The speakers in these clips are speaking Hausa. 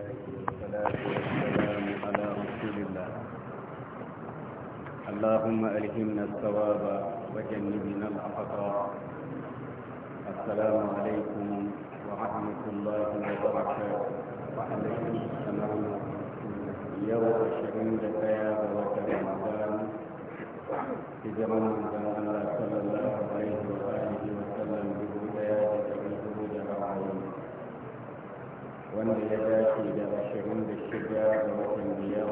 على رسول الله اللهم ألهمنا الثواب وجنبنا الأخطاء السلام عليكم ورحمة الله وبركاته وعليكم السلام يوم عشرين لتياب وكرمضان في زمن الله صلى الله عليه وآله وسلم بهدايات wanda ya dace da ashirin da shida ga watan biyar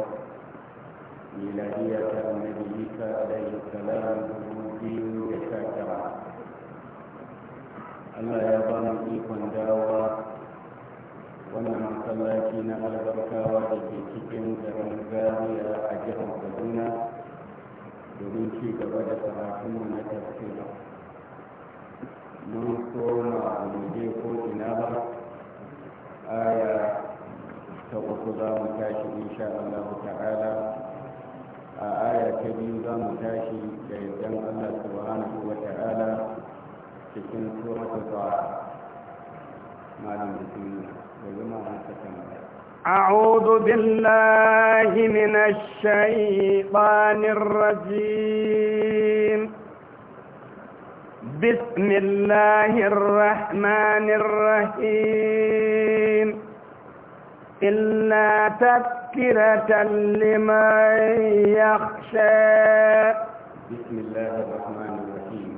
miladiyar ta annabi isa alaihi salam dubu biyu da sha tara allah ya ba mu ikon dawowa wannan masallaci na albarkawa da ke cikin garin zaria a jihar kaduna domin ci gaba da karatunmu na tafsira mun so ma mu je ko ina ba aya ta uku za mu tashi insha Allah ta'ala a aya ta biyu za mu tashi da yardan Allah subhanahu wa ta'ala cikin suratul ta'a malam ta أعوذ بالله من الشيطان الرجيم بسم الله الرحمن الرحيم إلا تذكرة لمن يخشى بسم الله الرحمن الرحيم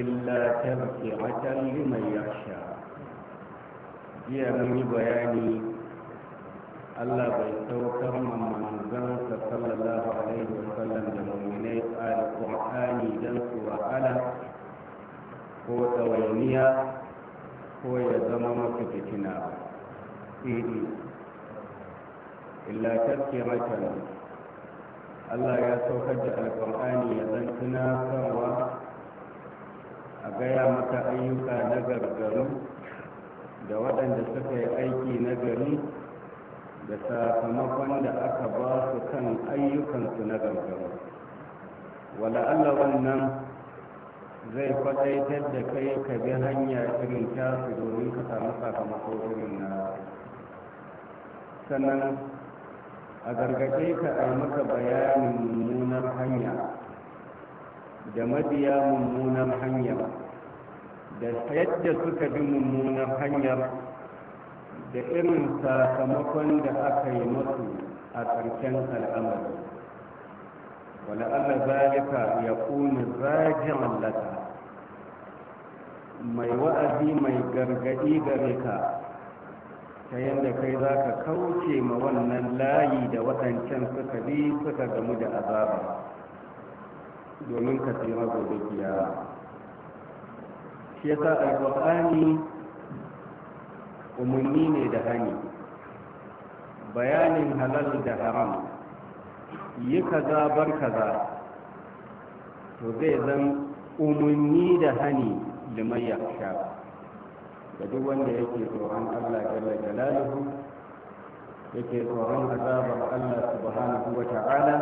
إلا تذكرة لمن يخشى يا من بياني الله بيتوكر من منزل صلى الله عليه وسلم ko ɗawainiya ko ya zama masa fitina iri illa taske matan allah ya saukar da alkur'ani ya zan tunatarwa a gaya maka ayyuka na gargaru da waɗanda suka yi aiki na gari da sakamakon da aka ba su kan ayyukansu na gargaru wala allah wannan zai kwadaitar da kai ka bi hanya irin tasu domin ka samu sakamako irin na sannan a gargaɗe ka a maka bayanin mummunar hanya da mabiya mummunar hanya da yadda suka bi mummunar hanyar da irin sakamakon da aka yi masu a ƙarshen al'amari wala'alla zalika ya kuni zajin allata mai wa'azi mai gargadi gare ka ta yadda kai za ka kauce ma wannan layi da waɗancan suka bi suka gamu da azaba domin ka tsira gobe kiyama shi yasa alƙur'ani umarni ne da hani bayanin halal da haram yi kaza bar kaza to zai zan umarni da hani liman yakhsha da duk wanda yake tsoron Allah jalla jalaluhu yake tsoron azabar Allah subhanahu wa ta'ala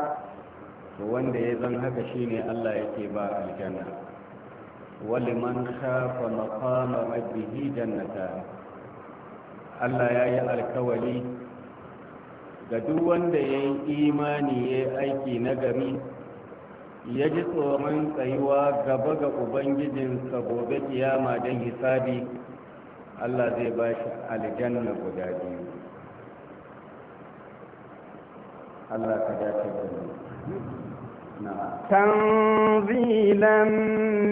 to wanda ya zan haka shine Allah yake ba aljanna waliman khafa maqama rabbihi jannatan Allah ya yi alkawali ga duk wanda ya yi imani ya yi aiki na gari. ya ji tsoron tsayuwa gaba ga ubangijinsa gobe kiyama don hisabi allah zai ba shi aljanna guda biyu allah ka dace da تنزيلا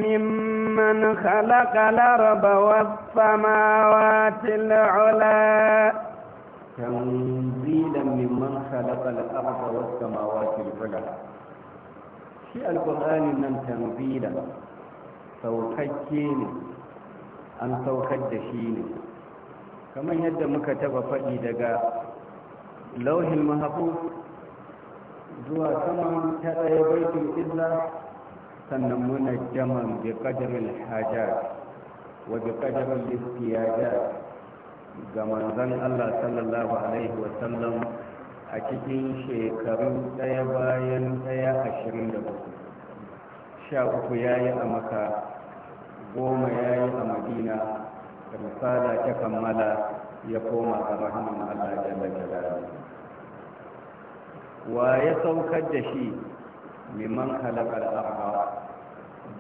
ممن خلق الأرض والسماوات العلا تنزيلا ممن خلق الأرض والسماوات العلا shi alƙur'ani nan tanzila saukakke ne an saukar da shi ne kamar yadda muka taba faɗi daga lauhin mahabu zuwa saman ta ɗaya baitin illa sannan muna jaman bi ƙadarin hajjar wa bi ƙadarin listiyajar ga manzan allah sallallahu alaihi wasallam a cikin shekarun ɗaya bayan ɗaya ashirin da bakwai sha uku ya yi a maka goma ya yi a madina risala ta kammala ya koma a rahaman allah da jalalu wa ya saukar da shi liman halakar arha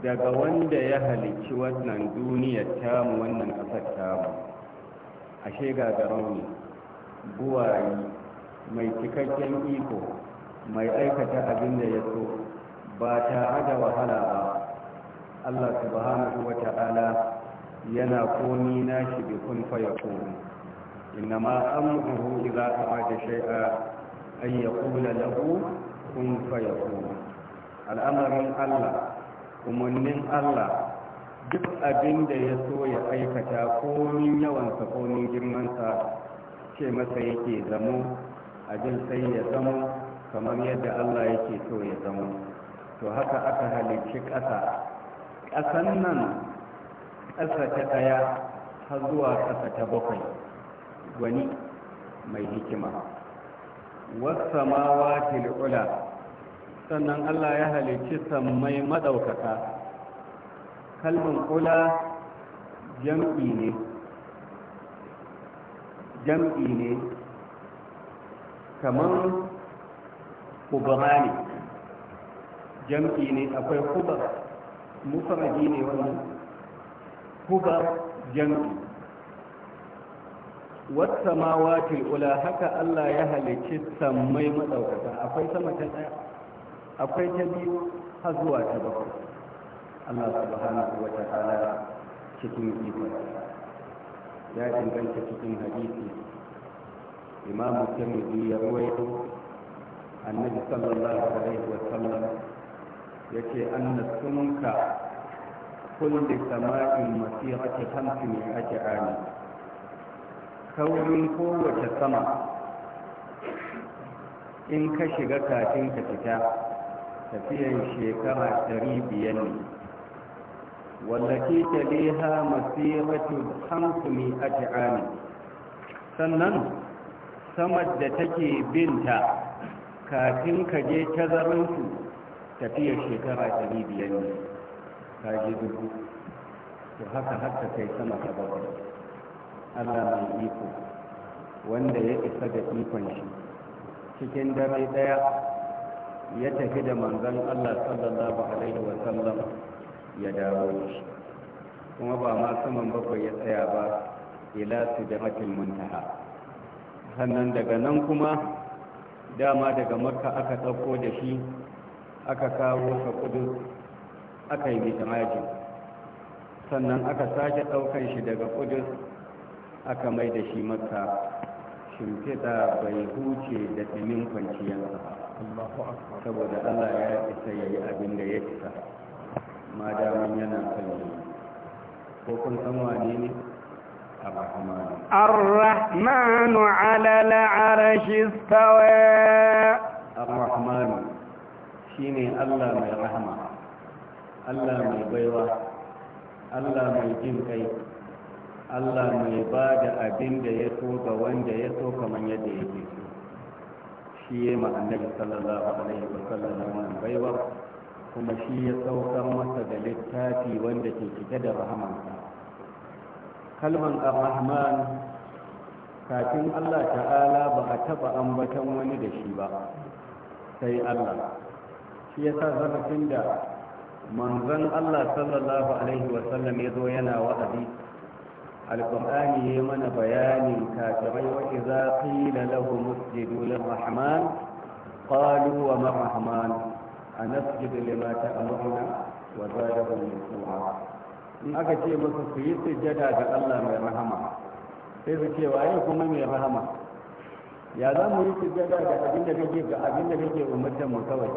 daga wanda ya halicci wannan duniyar tamu wannan ƙasar tamu ashe gagarar buwayi mai cikakken iko mai aikata abin da ya so ba tare da wahala ba allah subhanahu wa ta'ala yana komi na shi bi kun faya komi innama amruhu idza arada shay'a an yaqula lahu kun faya komi al'amarin allah umarnin allah duk abin da ya so ya aikata komin yawansa komin girmansa ce masa yake zamo abin sai ya zama kamar yadda Allah yake so ya zama to haka aka halicci ƙasa ƙasan nan ƙasa ta ɗaya har zuwa ƙasa ta bakwai gwani mai hikima wasamawa tilula sannan Allah ya halicci sammai maɗaukaka kalmin kula jam'i ne jam'i ne kamar kubara ne jam'i ne akwai kubar mufaradi ne wani. kubar jam'i wata mawatil ula haka allah ya halicci sammai matsaukata akwai sama ta ɗaya akwai ta biyu har zuwa ta bakwai allah subhanahu wa ta'ala cikin ikon ya inganta cikin hadisi imamu tirmidhi ya ruwaito annabi sallallahu alaihi wa sallam yace anna sunka kulli sama'in masirati hamsi min ajani kaurin kowace sama in ka shiga kafin ka fita tafiyan shekara ɗari biyar ne wallaki ta liha masiratu hamsi min ajani sannan samar da take binta kafin ka je tazarinsu tafiyar shekara ɗari biyar ne ka ji dubu to haka haka kai sama ta bakwai allah mai iko wanda ya isa da ikon shi cikin dare ɗaya ya tafi da manzan allah sallallahu alaihi sallam ya dawo shi kuma ba ma saman bakwai ya tsaya ba ila su da matin muntaha sannan daga nan kuma dama daga makka aka ɗauko da shi aka kawo sa kudus aka yi mitamaji sannan aka sake ɗaukan shi daga kudus aka mai da shi makka shimfiɗa bai huce da ɗimin kwanciyarsa saboda allah ya isa ya yi abin da ya isa ma damun yana kan ko kun san wane ne الرحمن على العرش استوى الرحمن شيني الله من رحمة الله من بيوة الله من جنكي الله من بعد أبين دا يتوب وان دا يتوب من يدي يجيب شيء مع النبي صلى الله عليه وسلم من بيوة kuma shi ya saukar masa da littafi wanda ke cike da rahamansa kalman ar-rahman kafin Allah ta'ala ba a taba ambatan wani da shi ba sai Allah shi yasa zarafin da manzon Allah sallallahu alaihi wasallam ya zo yana wa'azi alqur'ani ya mana bayanin kafirai wa idza qila lahum usjudu lir-rahman qalu wa ma rahman anasjudu lima ta'muruna wa zadahum nufu'a in aka ce musu su yi sujjada ga Allah mai rahama sai su ce waye kuma mai rahama ya za mu yi sujjada ga abin da kake ga abin da kake umarta mu kawai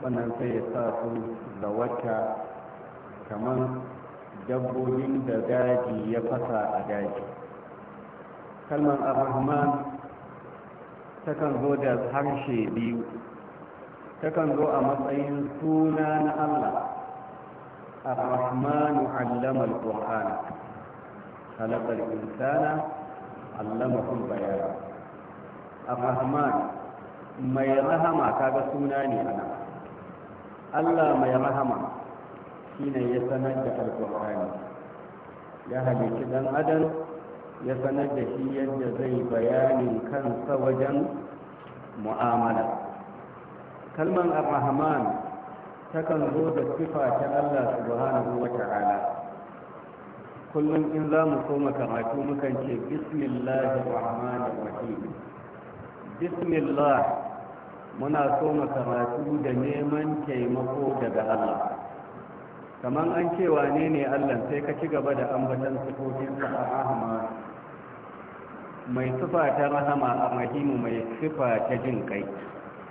wannan sai ya sa su da wata kamar dabbobin da daji ya fasa a daji kalmar ar ta takan zo da harshe biyu takan zo a matsayin suna na Allah الرحمن علم القرآن خلق الإنسان علمه البيان الرحمن mai rahama kaga suna ne ana Allah mai rahama shine ya sanar da alkur'ani ya halitta dan adam ya sanar da shi yadda zai bayanin kansa wajen mu'amala Kalmar ar-rahman takan zo da sifa ta Allah subhanahu wa ta'ala kullum in za mu koma karatu mukan ce bismillahi rahmanir rahim bismillah muna koma karatu da neman taimako daga Allah kamar an ce wane ne Allah sai ka ci gaba da ambatan sifofinsa a rahama mai sifa ta rahama a rahimu mai sifa ta jin kai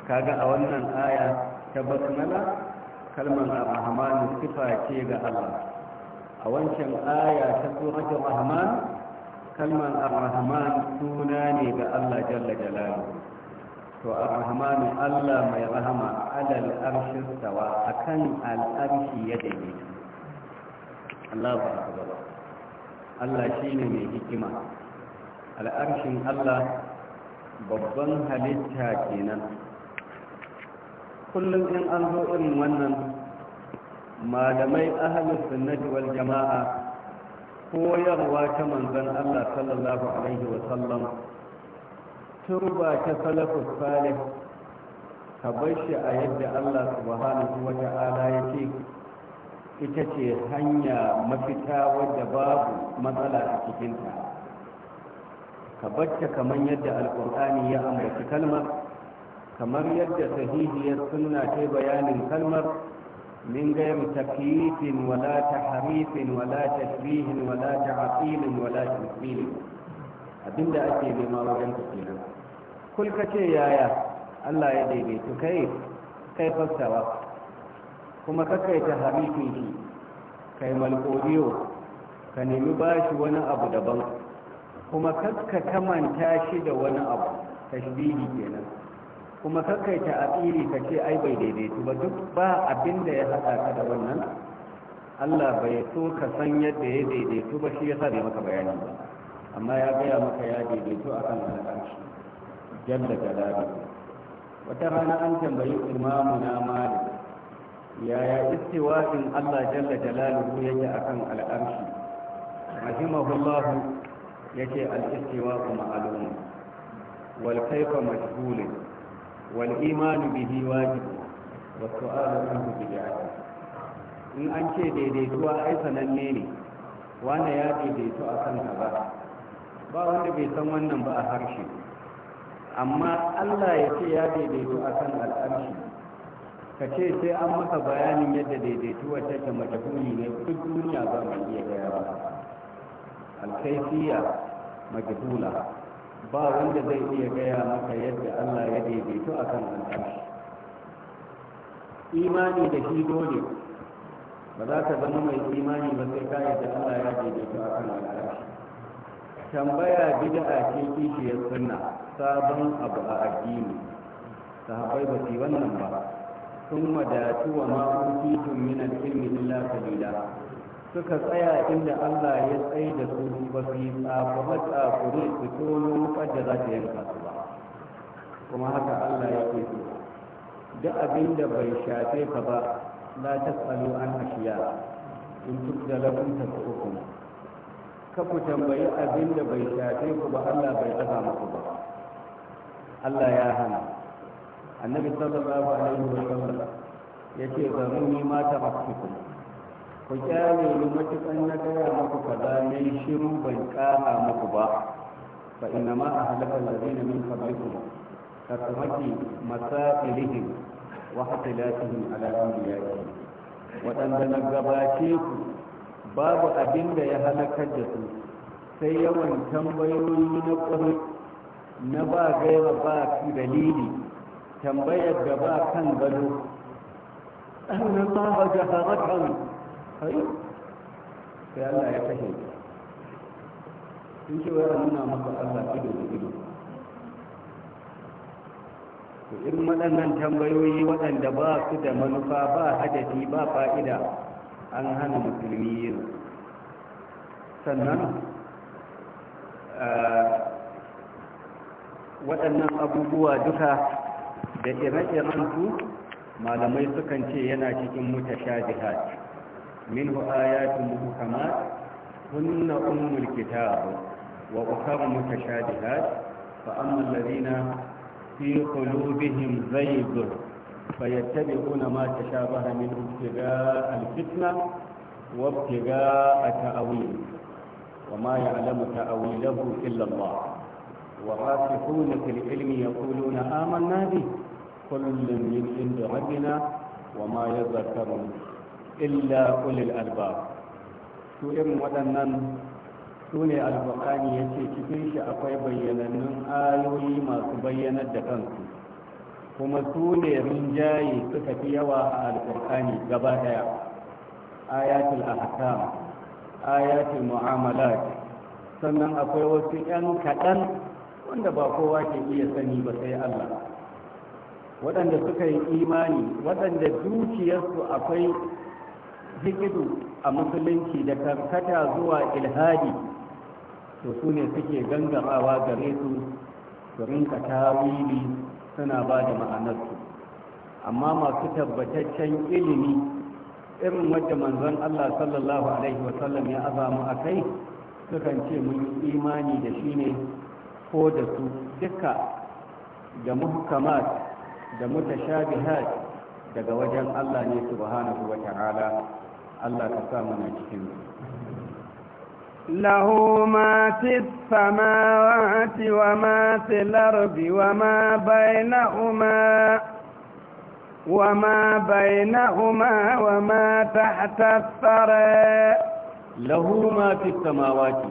kaga a wannan aya ta basmala kalmar ar-rahman sifa ce ga Allah a wancan aya ta suratul rahman kalmar ar-rahman suna ne ga Allah jalla jalaluhu to ar-rahman Allah mai rahama alal arshi tawa akan al-arshi ya dade Allahu akbar Allah shine mai hikima al-arshin Allah babban halitta kenan kullum in an zo irin wannan malamai ahalus sunnati wal jama'a koyarwa ta manzon Allah sallallahu alaihi wa sallam turba ta salafus salih ka bar shi a yadda Allah subhanahu wa ta'ala ya ce ita ce hanya mafita wadda babu matsala a cikinta ka bacce kamar yadda Alƙur'ani ya ambaci kalmar kamar yadda sahihiyar suna ta bayanin kalmar min gayar takyifin wala tahrifin wala tashbihin wala ta'qilin wala tafsilin abinda ake nema wajen kenan Kulka ce yaya Allah ya daidaitu kai kai fassawa kuma kakai ta harifin shi kai malkodiyo ka nemi bashi wani abu daban kuma kakka kamanta shi da wani abu tashbihi kenan kuma kakkaita a tsiri ka ce ai bai daidaitu ba duk ba abin da ya haɗa ka da wannan allah bai so ka san yadda ya daidaitu ba shi ya sa bai maka bayani ba amma ya gaya maka ya daidaitu a kan al'arshi jalla jalali wata rana an tambayi imamu na malik yaya in allah jalla jalaluhu yake akan al'arshi rahimahullahu yake al kuma ma'lumun wal kayfa majhulun wal imanu bihi wajib wa su'alu anhu bid'ah in an ce daidaituwa ai sananne ne wanda ya daidaitu a kan ba wanda bai san wannan ba a harshe amma Allah ya ce ya daidaito akan kan al'arshi ka ce sai an maka bayanin yadda daidaituwa take majahuli ne duk duniya ba mai iya gaya ba alkaifiya majahula ba wanda zai iya gaya maka yadda Allah ya daidaito a kan shi imani da shi dole ba za ka zama mai imani ba sai ka yadda Allah ya daidaito a kan al'arshi tambaya a ce kishiyar suna sabon abu a addini sahabai ba su wannan ba sun wadatu wa ma'utitum min ilmi illa qalila suka tsaya inda Allah ya tsaye da su ba su yi tsakuma tsakuri su tono wuƙar da za ta yanka su ba kuma haka Allah ya ke so duk abin da bai shafe ka ba la tsalo an ashiya in ta lakum uku ka ku tambayi abin da bai shafe ku ba Allah bai tsaka muku ba Allah ya hana annabi sallallahu alaihi wa sallam yace zaruni mata hakkukum ku kyale ni matukan na gaya muku kaza ne shiru ban kara muku ba fa inna ma a halaka lazina min qablikum ka kamaki masailihim wa hatilatihim ala anbiya'ihim waɗanda na gabace ku babu abin da ya halakar da su sai yawan tambayoyi na ƙuri na ba gaira ba dalili tambayar da ba kan gado أن الله جهرة kai sai Allah ya fahimta sun ce wa nuna maka Allah ido da ido to irin waɗannan tambayoyi waɗanda ba su da manufa ba hadafi ba fa'ida an hana musulmi yin sannan waɗannan abubuwa duka da ire-iren su malamai sukan ce yana cikin mutasha mutashabihat منه آيات محكمات هن أم الكتاب وأخر متشابهات فأما الذين في قلوبهم زيغ فيتبعون ما تشابه منه ابتغاء الفتنة وابتغاء تأويل وما يعلم تأويله إلا الله وراسخون في العلم يقولون آمنا به كل من عند ربنا وما يذكر illa ulil alba su irin waɗannan su ne albakani ya ce cikin shi akwai bayyanannun ayoyi masu bayyanar da kansu kuma su ne rinjaye suka fi yawa a alkur'ani gaba ɗaya ayatul ahkam ayatul mu'amalat sannan akwai wasu 'yan kaɗan wanda ba kowa ke iya sani ba sai Allah waɗanda suka yi imani waɗanda dukiyarsu akwai zikidu a musulunci da karkata zuwa ilhadi to su ne suke gangarawa gare su su rinka tawili suna ba da ma'anarsu amma masu tabbataccen ilimi irin wadda manzon Allah sallallahu alaihi wasallam ya azamu a kai sukan ce mun yi imani da shi ne ko da su duka da muhkamat da mutashabihat daga wajen Allah ne subhanahu wa ta'ala Allah ka sa mana cikin له ما في السماوات وما في الأرض وما بينهما وما بينهما وما تحت الثرى له ما في السماوات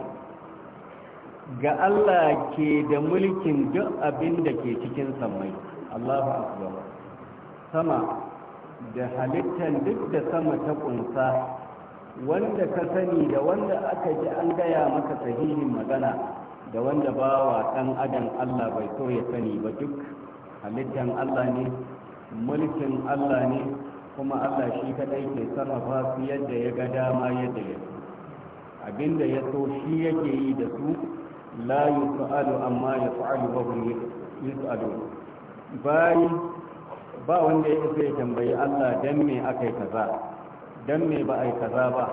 ga Allah ke da mulkin duk abin da ke cikin samai Allahu akbar sama da halittar duk da sama ta kunsa wanda ka sani da wanda aka ji an gaya maka sahihin magana da wanda ba wa ɗan adam Allah bai so ya sani ba duk halittar Allah ne mulkin Allah ne kuma Allah shi kadai ke sarrafa su yadda ya ga dama yadda ya so abinda ya so shi yake yi da su la yusalu amma yasalu wa hum yusalu yi. ba wanda ya isa ya tambayi Allah dan me aka yi kaza dan me ba a yi kaza ba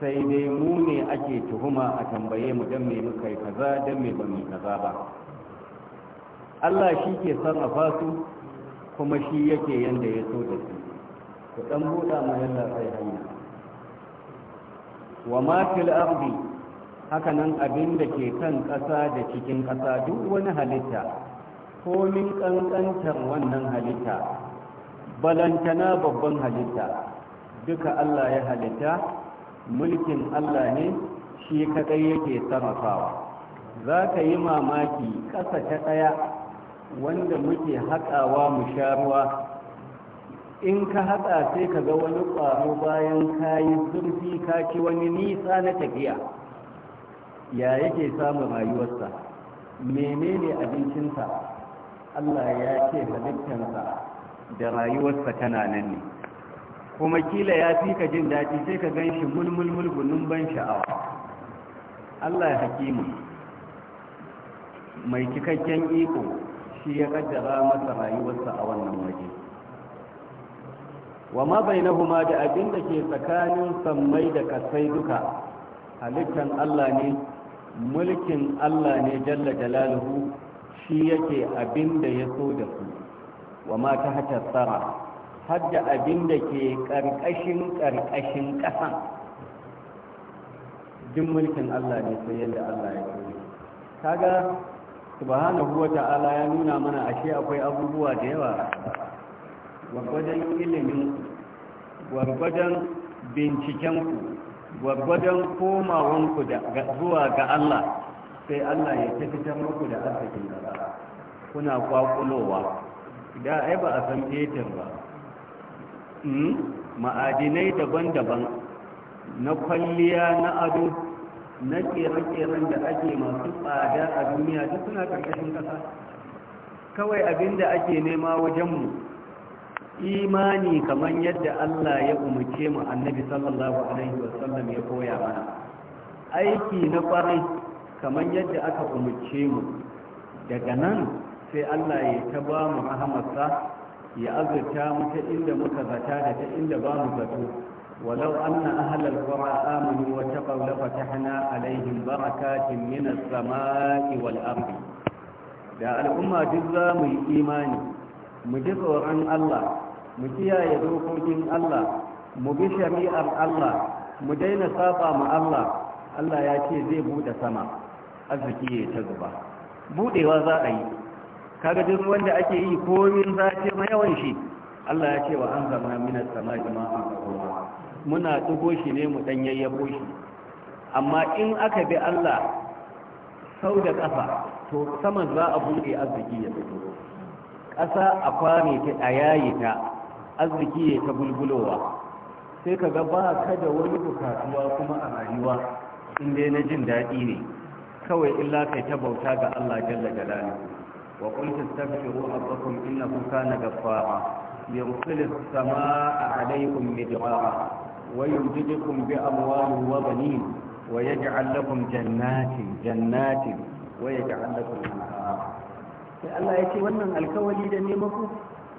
sai dai mu ne ake tuhuma a tambaye mu dan me muka yi kaza dan me ba mu kaza ba Allah shi ke sarrafa su kuma shi yake yanda ya so da su ku dan buɗa ma yalla sai hanya wa ma fil ardi haka nan abin da ke kan ƙasa da cikin ƙasa duk wani halitta komin ƙanƙantar wannan halitta balantana babban halitta duka Allah ya halitta mulkin Allah ne shi kaɗai yake sarrafawa za ka yi mamaki ƙasa ta ɗaya wanda muke haƙawa mu sha ruwa in ka haɗa sai ka ga wani ƙwaro bayan kayi zurfi ka ci wani nisa na tafiya ya yake samun rayuwarsa menene abincinsa Allah ya ce halittarsa da rayuwarsa tana nan ne kuma kila ya fi ka jin daji sai ka gan shi mulmulmul gunun ban sha'awa Allah ya hakimu mai cikakken iko shi ya kaddara masa rayuwarsa a wannan waje wa ma bainahuma da abin da ke tsakanin sammai da kasai duka halittan Allah ne mulkin Allah ne jalla jalaluhu shi yake abin da ya so da su wa ma ta hata tsara har da abin da ke ƙarƙashin ƙarƙashin ƙasan Jin mulkin Allah ne sai yadda Allah ya so kaga subhanahu wa ta'ala ya nuna mana ashe akwai abubuwa da yawa gwargwadon ilimin gwargwadon bincikenku gwargwadon komawanku da zuwa ga Allah sai Allah ya ta fitar muku da arzikin kasa kuna kwakulowa da ai ba a san fetur ba hmm? ma'adinai daban-daban na kwalliya na ado na kere-keren da ake masu tsada a duniya duk suna ƙarƙashin ƙasa. kawai abinda ake nema wajenmu imani kamar yadda Allah ya umarce mu annabi sallallahu alaihi wasallam ya koya mana aiki na kwarai kamar yadda aka umarce mu daga nan sai Allah ya ta ba mu rahamarsa ya azurta mu ta inda muka zata da ta inda ba mu zato ولو أن أهل القرى آمنوا واتقوا لفتحنا عليهم بركات sama'i wal والأرض da al'umma duk za mu yi imani mu ji tsoron Allah mu kiyaye dokokin Allah mu bi shari'ar Allah mu daina saba mu Allah Allah ya ce zai bude sama arziki ya ta zuba budewa za a yi kaga duk wanda ake yi komin zace ma yawan shi Allah ya ce wa an zama minas sama'i ma'an ruwa muna dugo shi ne mu dan yayyabo shi amma in aka bi Allah sau da kafa to sama za a bude arziki ya fito ƙasa a kwame ta a yayi ta arziki ya ta bulbulowa sai kaga ba ka da wani bukatuwa kuma a rayuwa in dai na jin daɗi ne kawai illa kai ta bauta ga Allah jalla jalali wa qul tastaghfiru rabbakum innahu kana ghaffara yursilu as-samaa'a 'alaykum midrara wa yumdidukum bi amwalin wa banin wa yaj'al lakum jannatin jannatin wa yaj'al lakum anhara sai Allah ya ce wannan alkawali da ne maku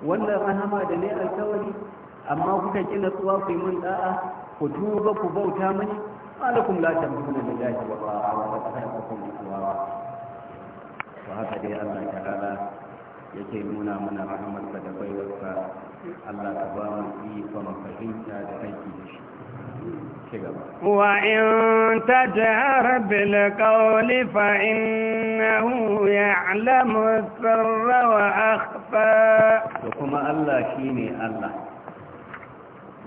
wannan rahama da ne alkawali amma kuka kina tsuwa ku yi mun da'a ku tuba ku bauta mani ما لكم لا تملكون لله وقارا وقد خلقكم اطوارا وهكذا الله تعالى yake من رحمة تدبي da ألا تبارك فيه فما فهمت ikon وإن تجهر بالقول فإنه يعلم السر وأخفى وكما الله شيني الله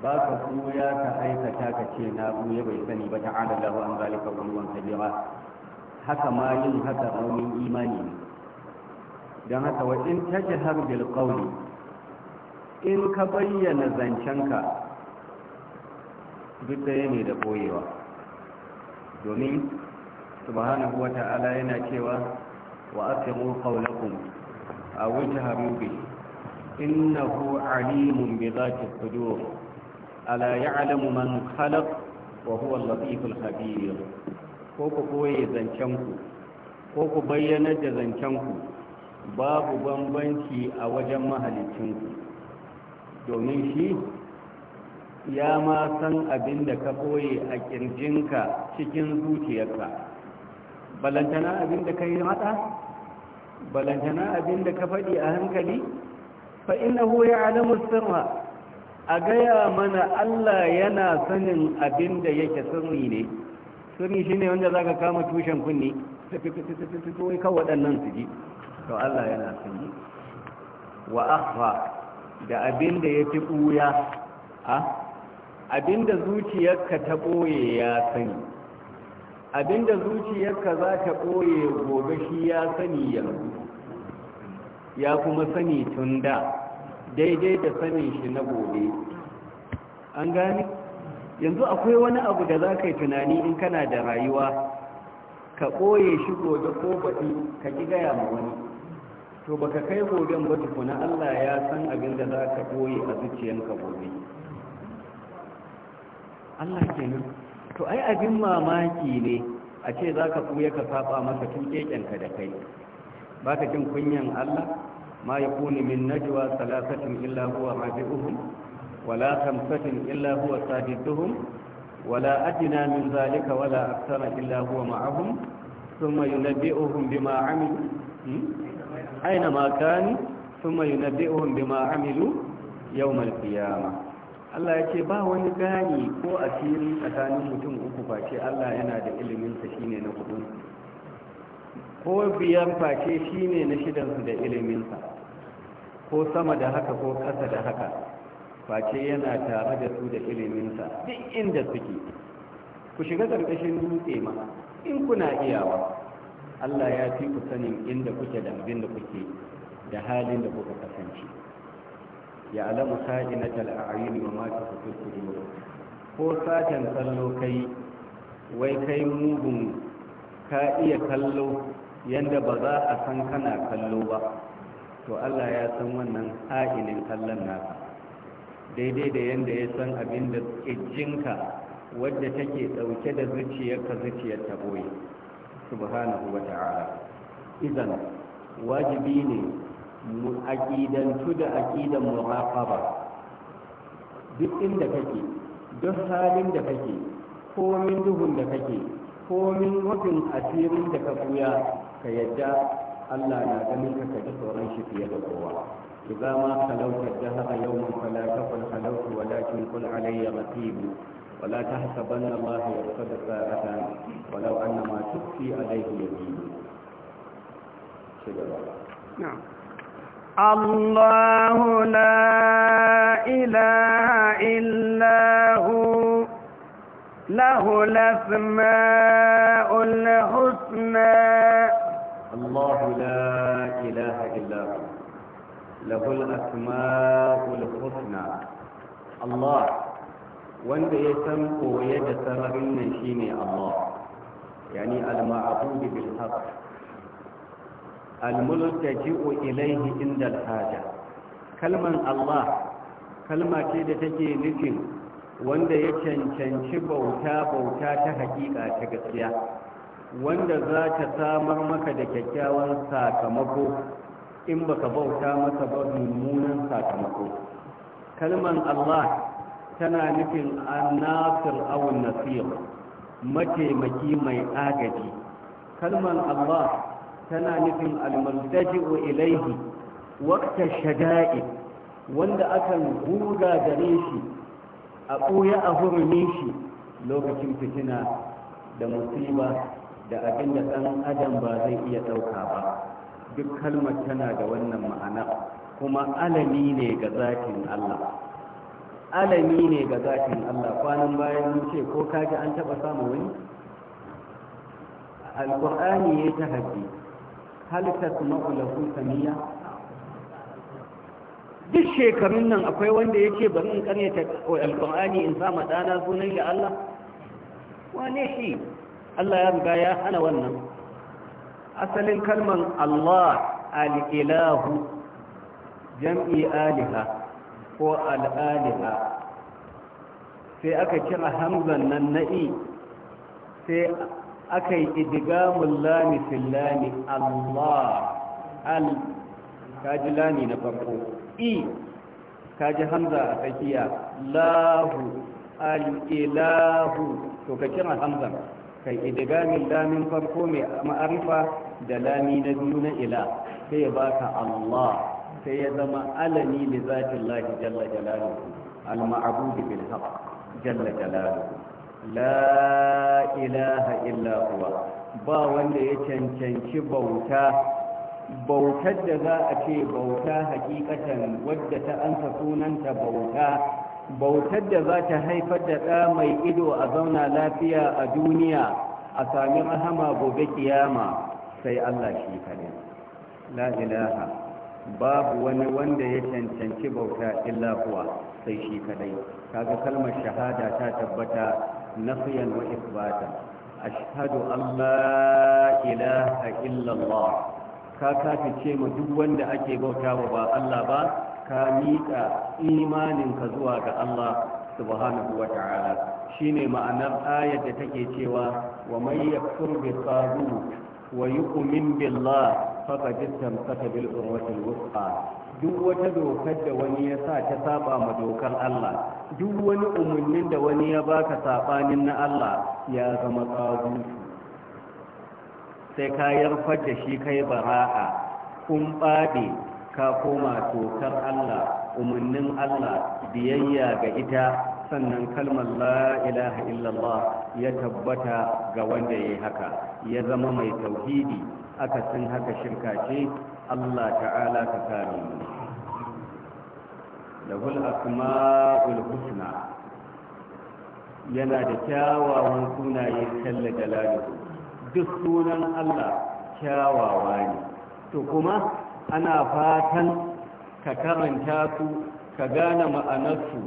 ba ka ya ka aikata ka ce na buye bai sani ba ta ta'ala lahu an zalika ulwan kabira haka ma yin haka raunin imani ne don haka wa in tajhar bil qawli in ka bayyana zancenka duk ɗaya ne da boyewa domin subhanahu wa ta'ala yana cewa wa asiru qawlakum aw tajharu bihi innahu alimun bi zati sudur ala ya'lamu man khalaq wa huwa al-latiful khabir ko ku koye zancen ko ku bayyana da zancen ku babu bambanci a wajen mahalicin ku domin shi ya ma san abin da ka koye a kirjinka cikin zuciyarka balantana abin da ka yi mata balantana abin da ka faɗi a hankali fa innahu ya'lamu sirra a gaya mana Allah yana sanin abin da yake sirri ne sirri shi ne wanda za ka kama tushen kunni wai kawo waɗannan su ji to Allah yana sani wa akhfa da abin da ya fi ɓuya abin da zuciyarka ta ɓoye ya sani abin da zuciyarka za ta ɓoye gobe shi ya sani yanzu ya kuma sani tun da daidai da sanin shi na gobe an gani yanzu akwai wani abu da za ka yi tunani in kana da rayuwa ka ɓoye shi gobe ko baɗi ka ƙi gaya ma wani to baka kai goben ba tukuna allah ya san abin da za ka ɓoye a zuciyanka gobe allah ke nan. to ai abin mamaki ne a ce za ka ɓuya ka saba masa tun kekenka da kai ba ka jin kunyan allah ما يكون من نجوى ثلاثة إلا هو رابعهم ولا خمسة إلا هو سادسهم ولا أدنى من ذلك ولا أكثر إلا هو معهم ثم ينبئهم بما عملوا أينما كان ثم ينبئهم بما عملوا يوم القيامة Allah ya ce ba wani gani ko asiri tsakanin mutum uku face Allah yana da ilimin sa shine na hudu ko biyan face shine na shidan su da ilimin sa ko sama da haka ko kasa da haka face yana tare da su da iliminsa duk inda suke ku shiga ƙarƙashin dutse ma in kuna iyawa Allah ya fi ku sanin inda kuke da abin da kuke da halin da kuka kasance ya alamu sa'ina tal'ayin wa ma ta ko satan kallo kai wai kai mugun ka iya kallo yanda ba za a san kana kallo ba to Allah ya san wannan ainin kallon nasa, daidai da yadda ya san abin da ƙirjinka wadda take ɗauke da zuciyarka zuciyar ta boye subhanahu wa ta'ala idan wajibi ne mu aƙidantu da aqidan muraqaba duk inda kake duk halin da kake komin duhun da kake komin wafin asirin da ka buya ka yadda Allah na gani ka kaji shi fiye da kowa. Ki za ma halauta da haka yau mun fala ka kun halauta walakin kun alayya Wala ta haka banna ma ya rufa da sa'ata walau an ma tukki alayhi ya biyu. الله لا إله إلا الله لا wanda ya san koye da sararin nan shi ne Allah yani al-ma'abud bil haqq al-mulku ilayhi inda al-haja kalman Allah kalma ce da take nufin wanda ya cancanci bauta bauta ta haƙiƙa ta gaskiya wanda za ta samar maka da kyakkyawan sakamako in baka bauta masa ba mummunan sakamako Kalmar Allah tana nufin annasir aw nasir mataimaki mai agaji Kalmar Allah tana nufin almaltaji'u ilaihi waqta shada'i wanda akan buga gare shi a ɓoye a hurumin shi lokacin fitina da musiba da abin da ɗan adam ba zai iya ɗauka ba duk kalmar tana da wannan ma'ana kuma alami ne ga zakin Allah alami ne ga zakin Allah kwanan bayan mun ce ko kaji an taɓa samu wani alƙur'ani ya ta haddi hal tasma'u lahu samiya duk shekarun nan akwai wanda ya ce bari in ƙaryata alƙur'ani in sa ma ɗana sunan shi Allah wane shi Allah ya riga ya hana wannan asalin kalman Allah al-ilahu jam'i aliha ko al-aliha sai aka kira hamzan nan na'i sai aka yi idigamun lami fillami Allah al kaji lami na farko i kaji hamza a tsakiya lahu al-ilahu to ka kira hamzan kai idgamin lamin farko mai ma'arifa da lami na biyu na ila sai ya baka Allah sai ya zama alani li zatillahi jalla jalaluhu al ma'bud bil haqq jalla jalaluhu la ilaha illa huwa ba wanda ya cancanci bauta bautar da za a ce bauta hakikatan wadda ta ansa sunanta bauta bautar da za ta haifar da ɗa mai ido a zauna lafiya a duniya a sami rahama gobe kiyama sai Allah shi kare la ilaha babu wani wanda ya cancanci bauta illa kuwa, sai shi kadai kaga kalmar shahada ta tabbata nafiyan wa isbatan ashhadu an la ilaha illa Allah ka kafi ce ma duk wanda ake bauta ba Allah ba ka miƙa imaninka zuwa ga Allah subhanahu wa ta'ala shine ma'anar ayar da take cewa wa may yakfur bi tagut wa yu'min billah faqad istamsaka bil urwati wuthqa duk wata dokar da wani ya sa ta saba ma dokar Allah duk wani umarnin da wani ya baka sabanin na Allah ya zama tsagutu sai ka yarfar da shi kai bara'a kun ɓaɗe ka koma tokar Allah umarnin Allah biyayya ga ita sannan kalmar la ilaha illallah ya tabbata ga wanda ya haka ya zama mai tauhidi aka sun haka shirka ce Allah ta'ala ka kare mu lahul asma'ul husna yana da kyawawan sunaye kalla jalaluhu duk sunan Allah kyawawa ne to kuma ana fatan ka karanta su ka gane ma'anarsu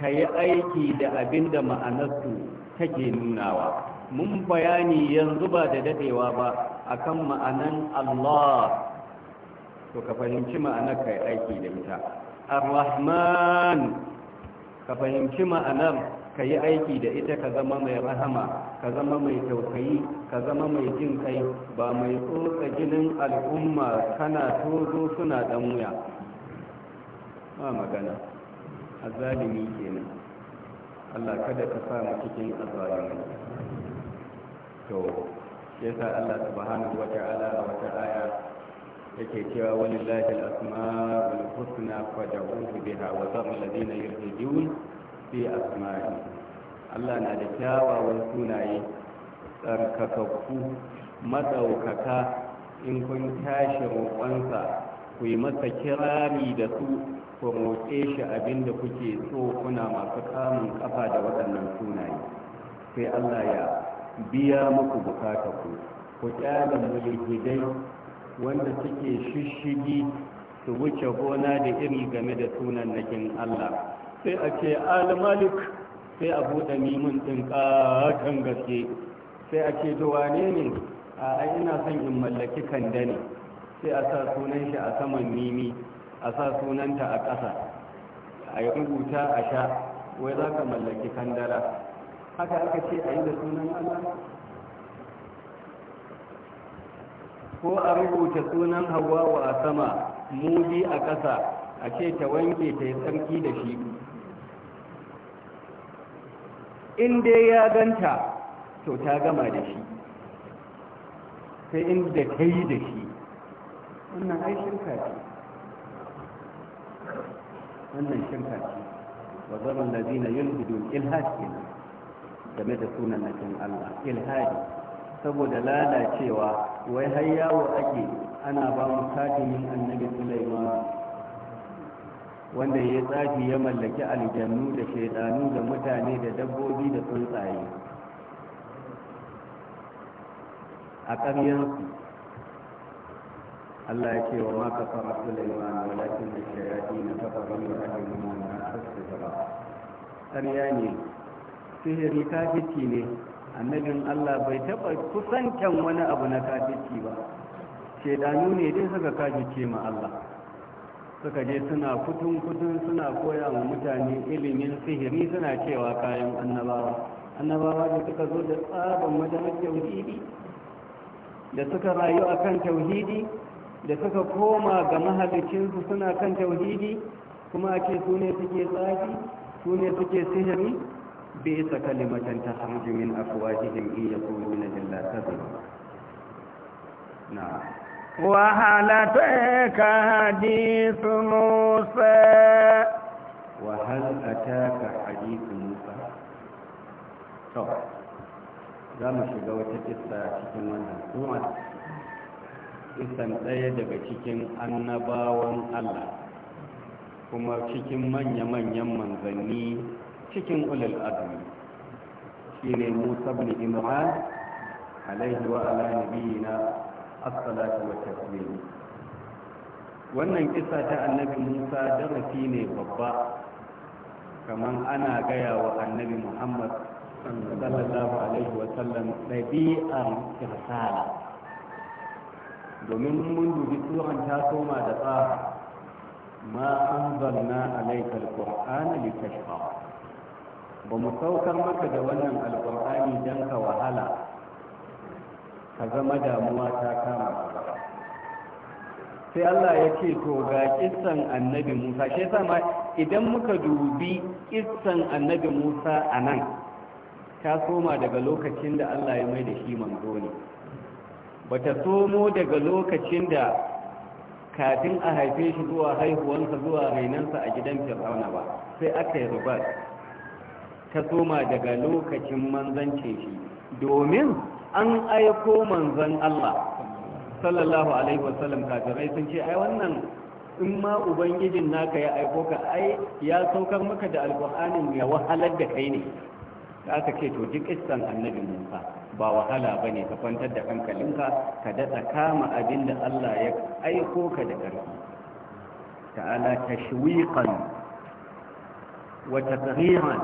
ka yi aiki da abin da ma'anarsu take nunawa mun bayani yanzu ba da dadewa ba akan ma'anan Allah to ka fahimci ma'anar ka yi aiki da ita ar-rahman ka fahimci ma'anar ka yi aiki da ita ka zama mai rahama ka zama mai tausayi ka zama mai jin kai ba mai tsotsa jinin al'umma kana tozo suna dan wuya ba magana azalimi kenan Allah kada ka sa mu cikin azalimi to sa Allah subhanahu wata'ala a wata aya yake cewa walillahi al-asma'ul husna fad'uhu biha wa dharul ladina yulhidun fi asma'i Allah na da kyawawan sunaye tsarkakakku madaukaka in kun tashi roƙonsa ku yi masa kirari da su ku roƙe shi abin da kuke so kuna masu kamun kafa da waɗannan sunaye sai Allah ya biya muku bukata ku ku ƙyala mulhidai wanda suke shishigi su wuce gona da iri game da sunan nakin Allah sai a ce al-malik sai a buɗe mimin ɗin ƙatan gaske sai a ce wane ne a ina son in mallaki kanda ne sai a sa sunan shi a saman mimi a sa sunanta a ƙasa a yi rubuta a sha wai za ka mallaki kandara haka aka ce a yi da sunan allah ko a rubuta sunan hawa a sama mudi a ƙasa a ce ta wanke ta yi tsarki da shi in dai ya ganta to ta gama da shi sai inda ta yi da shi wannan ai shirka ce wannan shirka ce wa zaman lazina yin hudun ilhaji game da sunan nakin allah ilhaji saboda lalacewa wai har yawo ake ana ba mu yin annabi sulaiman wanda ya tsafi ya mallaki aljannu da shaidanu da mutane da dabbobi da tsuntsaye a ƙaryansu Allah ya ce wa ma fara Sulaiman walakin da shayati na kafa wani ake nuna na da gaba ƙarya ne sihiri kafici ne annabin Allah bai taɓa kusantan wani abu na kafici ba shaidanu ne dai suka kafice ma Allah suka je suna kutun kutun suna koya wa mutane ilimin sihiri suna cewa kayan annabawa annabawa da suka zo da tsaban majalar tauhidi da suka rayu a kan tauhidi da suka koma ga mahalicinsu suna kan tauhidi kuma ake su ne suke tsafi su ne suke sihiri bai isa kalimatan ta harjumin afuwa jihin iya kuma na jallata na وهل حديث موسى وهل أتاك حديث موسى za mu shiga wata kissa cikin wannan ɗaya daga cikin annabawan Allah kuma cikin manya-manyan manzanni cikin ulul azmi shine Musa ibn Imran alaihi wa na. as wa taslim wannan kisa ta annabi Musa darasi ne babba kaman ana gaya wa annabi Muhammad sallallahu alaihi wa sallam ɗabi'ar irsala domin mun dubi suran ta koma da tsara ma anzalna alayka alqur'ana litashqa ba mu saukar maka da wannan alqur'ani dan ka wahala ka zama damuwa ta kama sai Allah ya ce to ga kissan annabi Musa shi yasa ma idan muka dubi kissan annabi Musa a nan ta soma daga lokacin da Allah ya mai da shi manzo ne bata somo daga lokacin da kafin a haife shi zuwa haihuwansa zuwa rainansa a gidan fir'auna ba sai aka yi rubar ta soma daga lokacin manzancin shi domin an aiko manzon Allah sallallahu alaihi wasallam kafirai sun ce ai wannan in ma ubangijin naka ya aiko ka ai ya saukar maka da alƙur'anin ya wahalar da kai ne aka ce to duk iskan annabi Musa ba wahala bane ka kwantar da hankalinka ka daɗa kama abin da Allah ya aiko ka da ƙarfi ta'ala tashwiqan wa tasghiran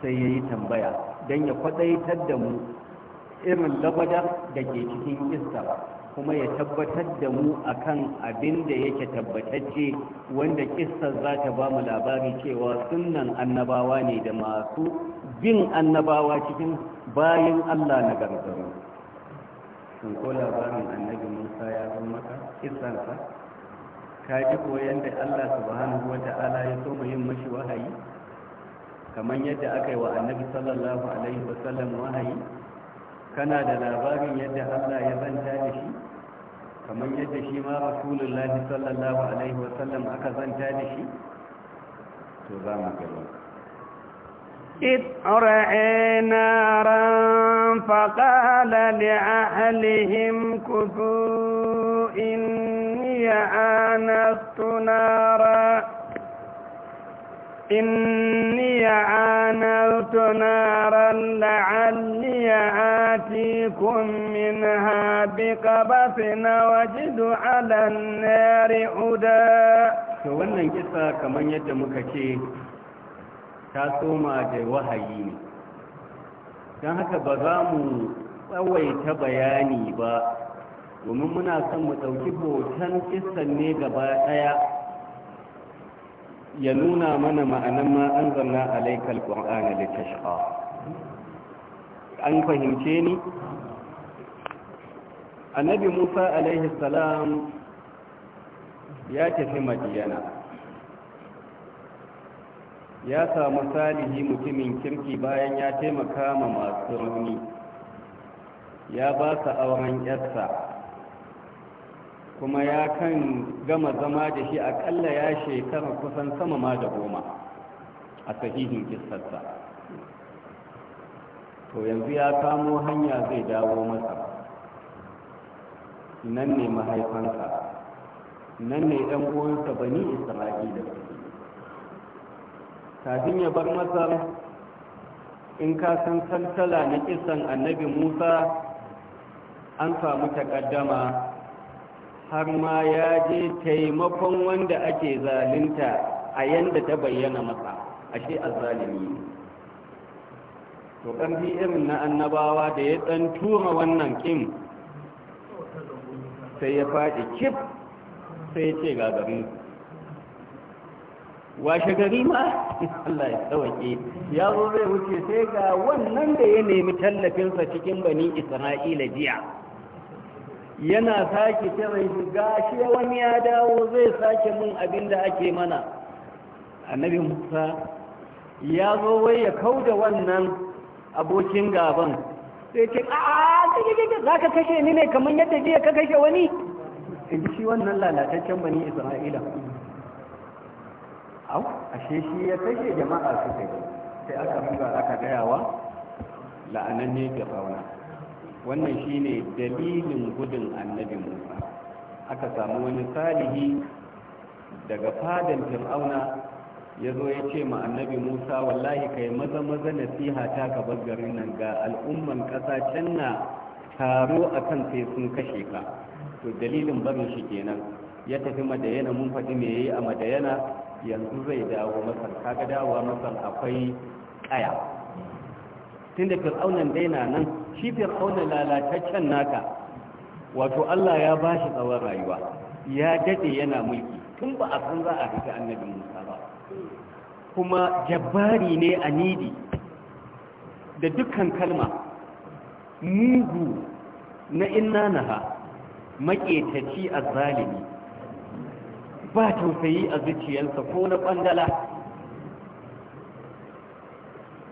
sai yayi tambaya dan ya kwadaitar da mu irin labada da ke cikin kissa kuma ya tabbatar da mu akan abin da yake tabbatacce wanda kissa za ta ba mu labari cewa sunan annabawa ne da masu bin annabawa cikin bayan Allah na gargaru sun ko labarin annabi Musa ya zo maka kissansa ka ji koyon da Allah subhanahu wa ta'ala ya so mu yin mashi wahayi kamar yadda aka yi wa annabi sallallahu alaihi wasallam wahayi kana da labarin yadda Allah ya zanta da shi kamar yadda shi ma Rasulullah sallallahu alaihi sallam aka zanta da shi to za mu gani إذ رعي نارا فقال لأهلهم كثوا إني آنست نارا إني آنست نارا لعلي آتيكم منها بقبس وجد على النار هدى to wannan kisa kamar yadda muka ce ta soma da wahayi ne don haka ba za mu tsawaita bayani ba domin muna son mu ɗauki hoton kisan ne gaba ɗaya ya nuna mana ma'anan ma an zanna alaikal ƙwa'ana da tashka an fahimce ni annabi musa alaihi salam ya tafi madiyana ya samu salihi mutumin kirki bayan ya taimaka ma masu rauni ya ba su auren yarsa kuma ya kan gama zama da shi akalla ya shekara kusan sama ma da goma a sahihin kistarsa to yanzu ya kamo hanya zai dawo masa nan ne mahaifansa nan ne ɗan uwansa bani isra'ila kafin ya bar masar in ka san salsala na kisan annabi musa an samu takaddama har ma ya je taimakon wanda ake zalunta a yanda ta bayyana masa ashe azzalimi to ƙarfi irin na annabawa da ya ɗan tura wannan kim sai ya faɗi kif sai ya ce ga gari washe gari ma Allah ya tsawake ya zo zai wuce sai ga wannan da ya nemi tallafinsa cikin bani isra'ila jiya yana sake ga shi gashi wani ya dawo zai sake mun abin da ake mana annabi musa ya zo wai ya kauda wannan abokin gaban sai ce a za ka kashe ni ne kamar yadda jiya ka kashe wani in ji shi wannan lalataccen bani isra'ila au ashe shi ya kashe jama'a su sai aka buga aka gayawa la'anan ne ga fauna wannan shine dalilin gudun annabi musa aka samu wani salihi daga fadan fir'auna ya zo ya ce ma annabi musa wallahi kai maza maza nasiha ta ka bar garin nan ga al'umman ƙasa can na taro a kan sai sun kashe ka to dalilin barin shi kenan ya tafi madayana mun faɗi me yayi a madayana yanzu zai dawo masar kaga dawowa masar akwai ƙaya tunda fir'aunan daina nan shi fir'auna lalataccen naka wato Allah ya ba shi tsawon rayuwa ya daɗe yana mulki tun ba a san za a fita annabi Musa ba kuma jabbari ne a nidi da dukkan kalma mugu na inna naha maƙetaci a zalimi ba tausayi a zuciyarsa ko na ƙwandala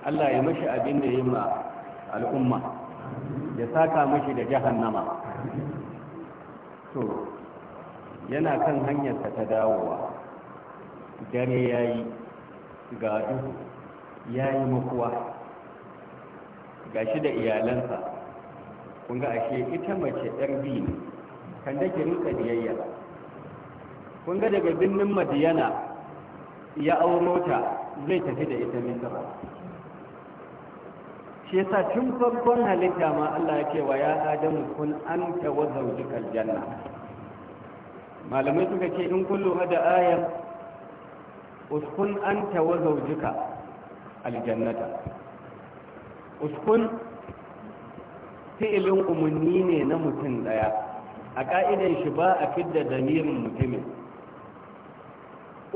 Allah ya mashi abin da ya ma al'umma ya saka mashi da jahannama to yana kan hanyarsa ta dawowa dare ya yi ga duhu ya yi makuwa ga shi da iyalansa kun ga ashe ita mace ɗan biyu ne kan da rinka biyayya kun ga daga binnin madiyana ya auro ta zai tafi da ita misra shi yasa tun farkon halitta ma Allah ya ce wa ya adamu kun anta wa zawjikal aljanna? malamai suka ce in kun lura da uskun anta wa zawjika aljannata uskun fi'ilin umarni ne na mutum daya a ka'idan shi ba a fidda damirin mutumin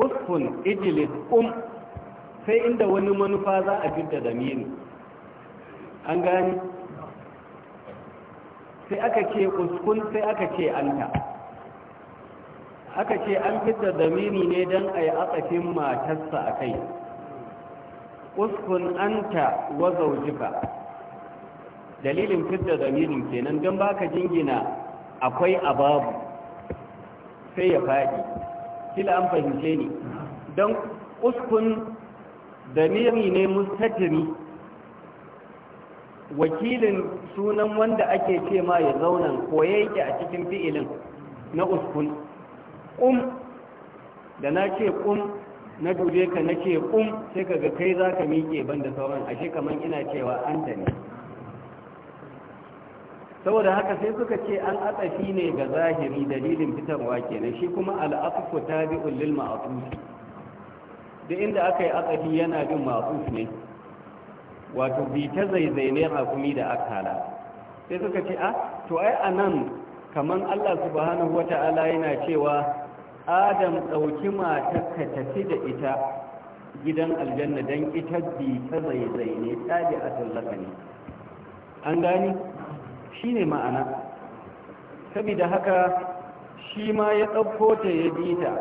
uskun ijilis um sai inda wani manufa za a fidda damirin an gani sai aka ce uskun sai aka ce anta aka ce an fitar da mini ne don a yi akashin matarsa a kai uskun anta wa zaujika dalilin fitar da mirin kenan don baka jingina akwai ababu sai ya faɗi kila an fahimce ne. don uskun miri ne mustajiri wakilin sunan wanda ake ce ma ya zauna ko yake a cikin fi'ilin na uskun ƙum da na ce ƙum na dube ka na ce ƙum sai ka kai za ka miƙe ban sauran ashe kamar ina cewa an da ne saboda haka sai suka ce an atsafi ne ga zahiri dalilin fitarwa kenan shi kuma al'afufu tabi'un lil ma'tuf da inda aka yi atsafi yana bin ma'tuf ne wato bi ta zaizaine hakumi da akala sai suka ce a ah, to ai anan kaman Allah subhanahu wata'ala yana cewa Adam dauki matarka tafi da ita gidan aljanna dan ita bi ta zaizaine a atallaka ne an gani shine ma'ana saboda haka shi ma ya ɗauko ta ya bi ta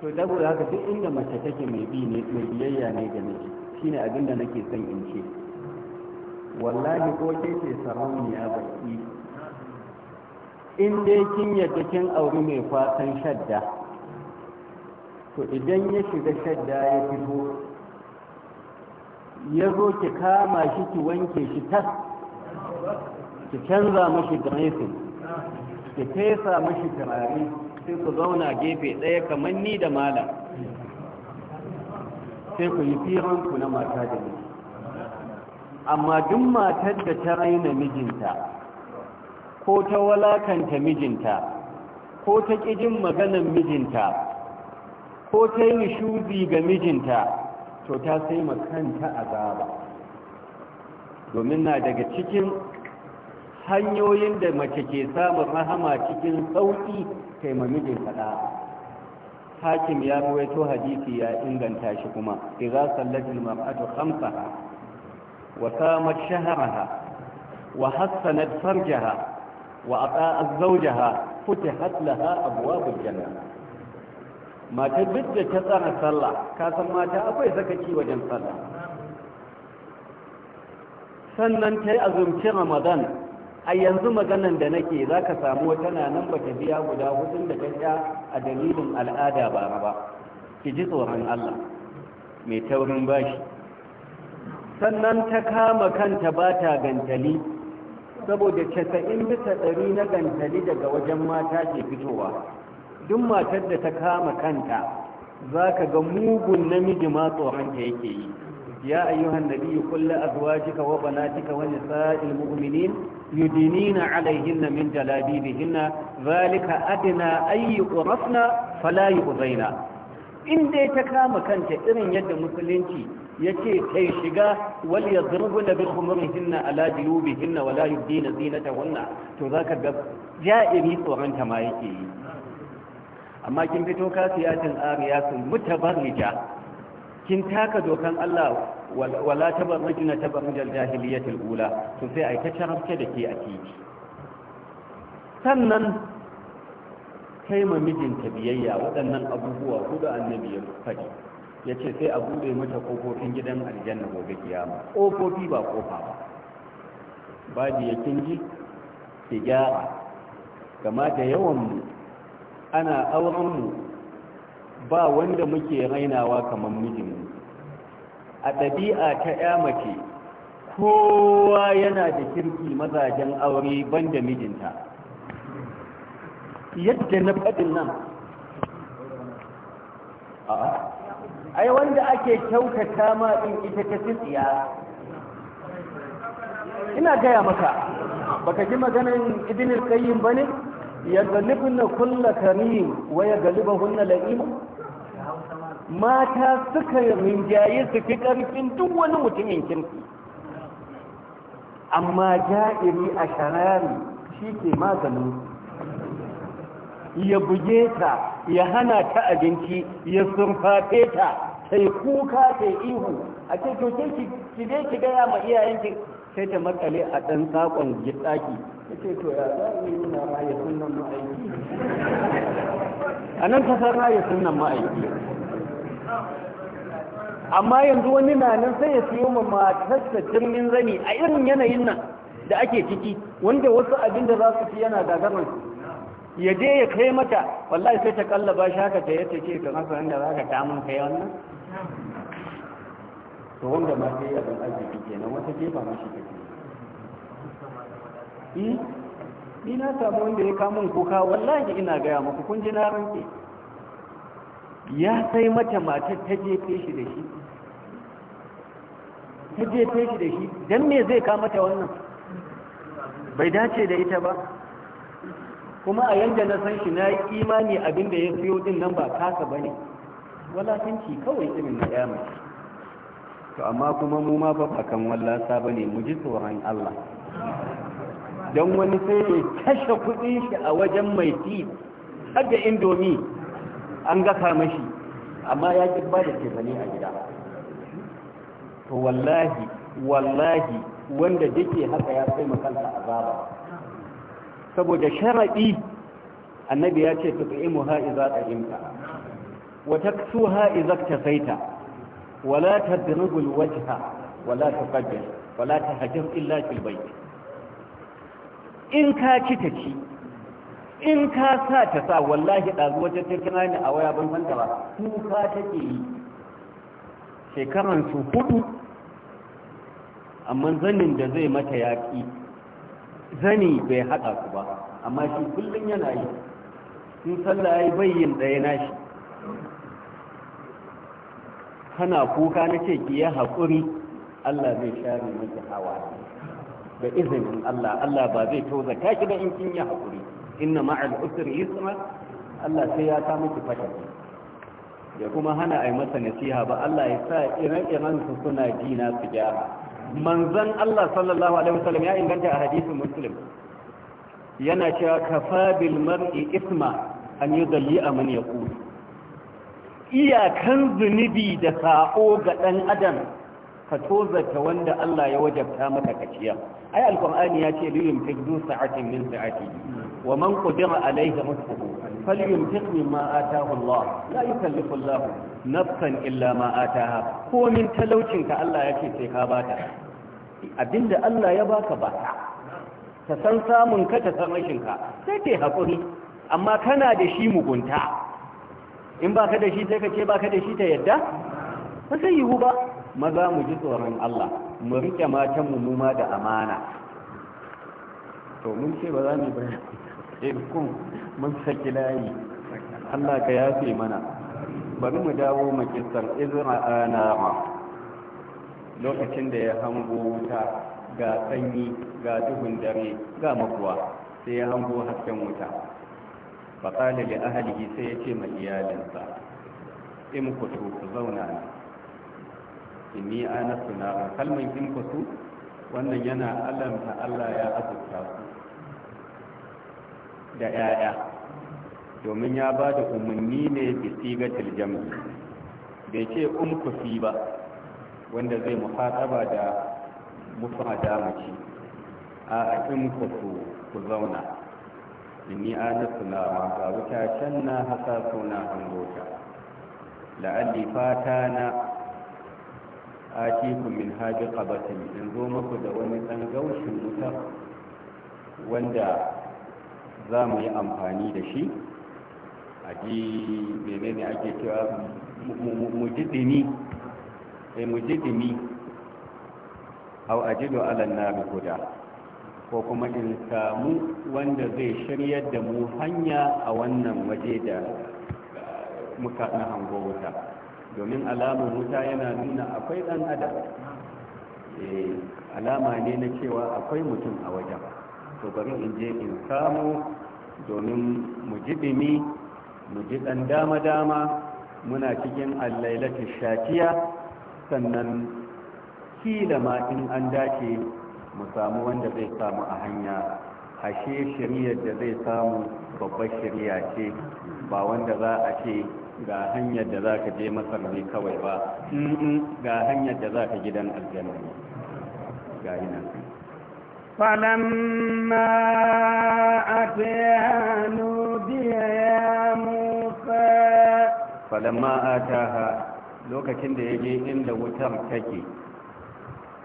to dabura haka duk inda mace take mai bi ne mai biyayya ne ga miji shine abinda nake son in ce wallahi ko ke ce sarauniya baki in dai kin yadda kin auri mai fatan shadda to idan ya shiga shadda ya fito ya zo ki kama shi ki wanke shi tas ki canza mashi dressing ki fesa mashi turare sai ku zauna gefe ɗaya kamar ni da malam sai ku yi firanku na mata da ni. amma duk matar da ta raina mijinta ko ta walakanta mijinta ko ta ƙijin maganan mijinta ko ta yi nishuzi ga mijinta to ta sai makanta azaba domin na daga cikin hanyoyin da mace ke samun rahama cikin sauƙi taimamijin faɗa hakim ya ruwaito hadisi ya inganta shi kuma idza sallatil mar'atu khamsaha وسامت شهرها وحسنت فرجها وأطاءت زوجها فتحت لها أبواب الجنة ما تبدأ تسأل صلى كاسم ما تأبي زكتي وجن صلى sannan ta yi azumci ramadan a yanzu maganan da nake za ka samu wata na nan ba ta biya guda hudun da ta sha a dalilin al'ada ba ba ki ji tsoron allah mai taurin bashi sannan ta kama kanta ba ta gantali saboda casa'in bisa ɗari na gantali daga wajen mata ke fitowa duk matar da ta kama kanta za ka ga mugun namiji ma tsoron yake yi ya ayyuhan nabiyyu kullu azwajika wa banatika wa nisa'il mu'minin yudinina alayhinna min jalabibihinna zalika adna ay yuqrafna fala yu'zaina in dai ta kama kanta irin yadda musulunci yace kai shiga wal yadrubna bi khumurihinna ala julubihinna wala yubdina wannan, to zaka ga ja'iri tsoron ta ma yake yi amma kin fito kasiyatin ariyatin mutabarrija kin taka dokan Allah wala tabarrujna tabarrujal jahiliyatil ula to sai ai ta charabke da ke a titi sannan kai ma mijinta biyayya waɗannan abubuwa hudu annabi ya faɗi ya ce sai a bude mata kofofin gidan aljanna gobe kiyama ƙofofi ba kofa ba ji ya kinji ki gyara kama da yawanmu ana aurenmu ba wanda muke rainawa kamar mijinmu a ɗabi'a ta ya mace kowa yana da kirki mazajen aure banda mijinta yadda na faɗin nan a'a ai wanda ake kyautata ma din ita ta tsiya ina gaya maka baka ji maganin ibn al-qayyim bane ya galibna kullu karim wa ya galibahunna la'im mata suka rinjaye su fi karfin duk wani mutumin kin. amma ja'iri a sharari shi ke maganin ya buge ta ya hana ta abinci ya surfafe ta sai kuka sai ihu a ce to ki dai ki gaya ma iyayenki sai ta makale a ɗan sakon gitsaki Ya ce to ya za mu yi nuna raya sunan ma'aiki a nan ta san raya sunan ma'aiki amma yanzu wani na nan sai ya siyo ma matarsa jirgin zani a irin yanayin nan da ake ciki wanda wasu abin da za su fi yana gagarar ya je ya kai mata wallahi sai ta kallaba shi haka ta yace ce kamar sanin da zaka ta mun kai wannan to wanda ma sai abin arziki kenan wata ke ba shi take yi eh, ni na samu wanda ya kamun kuka wallahi ina gaya muku kun ji na ranke ya sai mata matar ta jefe shi da shi ta jefe shi da shi dan me zai ta wannan bai dace da ita ba kuma a yanda na san shi na yi imani abin da ya siyo din nan ba kasa ba ne walakanci kawai irin na ya mace to amma kuma mu ma ba bakan wallasa ba ne mu ji tsoron Allah don wani sai ne kashe kudin shi a wajen mai ti haɗe indomi an gasa mashi amma ya ƙi ba da tefani a gida to wallahi wallahi wanda dake haka ya kai makanta azaba saboda sharaɗi annabi ya ce tut'imu ha idza Wata su taksuha ta saita, wala ta tadribu alwajha wala ta tuqaddir wala ta tahjur illa fil in ka ci ta ci in ka sa ta sa wallahi ɗazu wata ta kira ni a waya ban san ta ba kuka take yi shekaran su hudu amma zanin da zai mata yaƙi zani bai haɗa ku ba amma shi kullum yana yi in sallah ya yi bayyin ɗaya nashi kana kuka na ce ki ya haƙuri Allah zai share miki hawa da izinin Allah Allah ba zai toza ta ki in kin ya haƙuri inna ma'al usri yusra Allah sai ya ta miki fataki ya kuma hana yi masa nasiha ba Allah ya sa iran iran su suna jina su gyara manzon Allah sallallahu alaihi wasallam ya inganta a hadisin muslim yana cewa kafa bil mar'i isma an a man iyakan zunubi da sa'o ga ɗan adam ka tozarta wanda Allah ya wajabta maka kaciya ai alqur'ani ya ce liyum tajdu sa'atin min sa'ati wa man qadira alayhi rizquhu falyumtiq mimma ataahu Allah la yukallifu Allah nafsan illa ma ataaha ko min talaucin ka Allah ce sai ka bata abinda Allah ya baka bata ta san samun ka ta san rashin ka sai kai hakuri amma kana da shi mugunta in baka da shi sai ka ce baka da shi ta yadda ba sai yiwu ba maza mu ji tsoron Allah mu rike matan mu ma da amana to mun ce ba za mu bari eh kun mun saki layi Allah ka yafe mana bari mu dawo makisar izra ba. lokacin da ya hango wuta ga sanyi ga duhun dare ga makuwa sai ya hango hasken wuta faƙalali ahalihi sai ya ce mai iyalinsa in ku zauna ne inni ana suna kalman kin kusu wannan yana alamta Allah ya azurta su da 'ya'ya domin ya ba da umarni ne bisigatil jam'i bai ce umkufi ba wanda zai muhataba da musu adamaci a in su, ku zauna inni ana suna ga wuta can na hasa suna hangota la'alli fata na atikum min haji qabatin in zo muku da wani dan gaushin wuta wanda za mu yi amfani da shi a ji menene ake cewa mujidini sai mujidini hau ajido alan nabi guda ko kuma in samu wanda zai shiryar da mu hanya a wannan waje da muka na hango wuta domin alamun wuta yana nuna akwai ɗan adam eh, alama ne na cewa akwai mutum a wajen to bari in je in samu domin mu ji dimi mu ji ɗan dama-dama muna cikin allailatu shatiya sannan kila ma in an dace mu samu wanda zai samu a hanya ashe shiriyar da zai samu babbar shirya ce ba wanda za a ce ga hanyar da za ka je masar ne kawai ba ga hanyar da za ka gidan aljanna ne ga yi nan falamma hannu biya ya musa falamma ha lokacin da ya je inda wutar take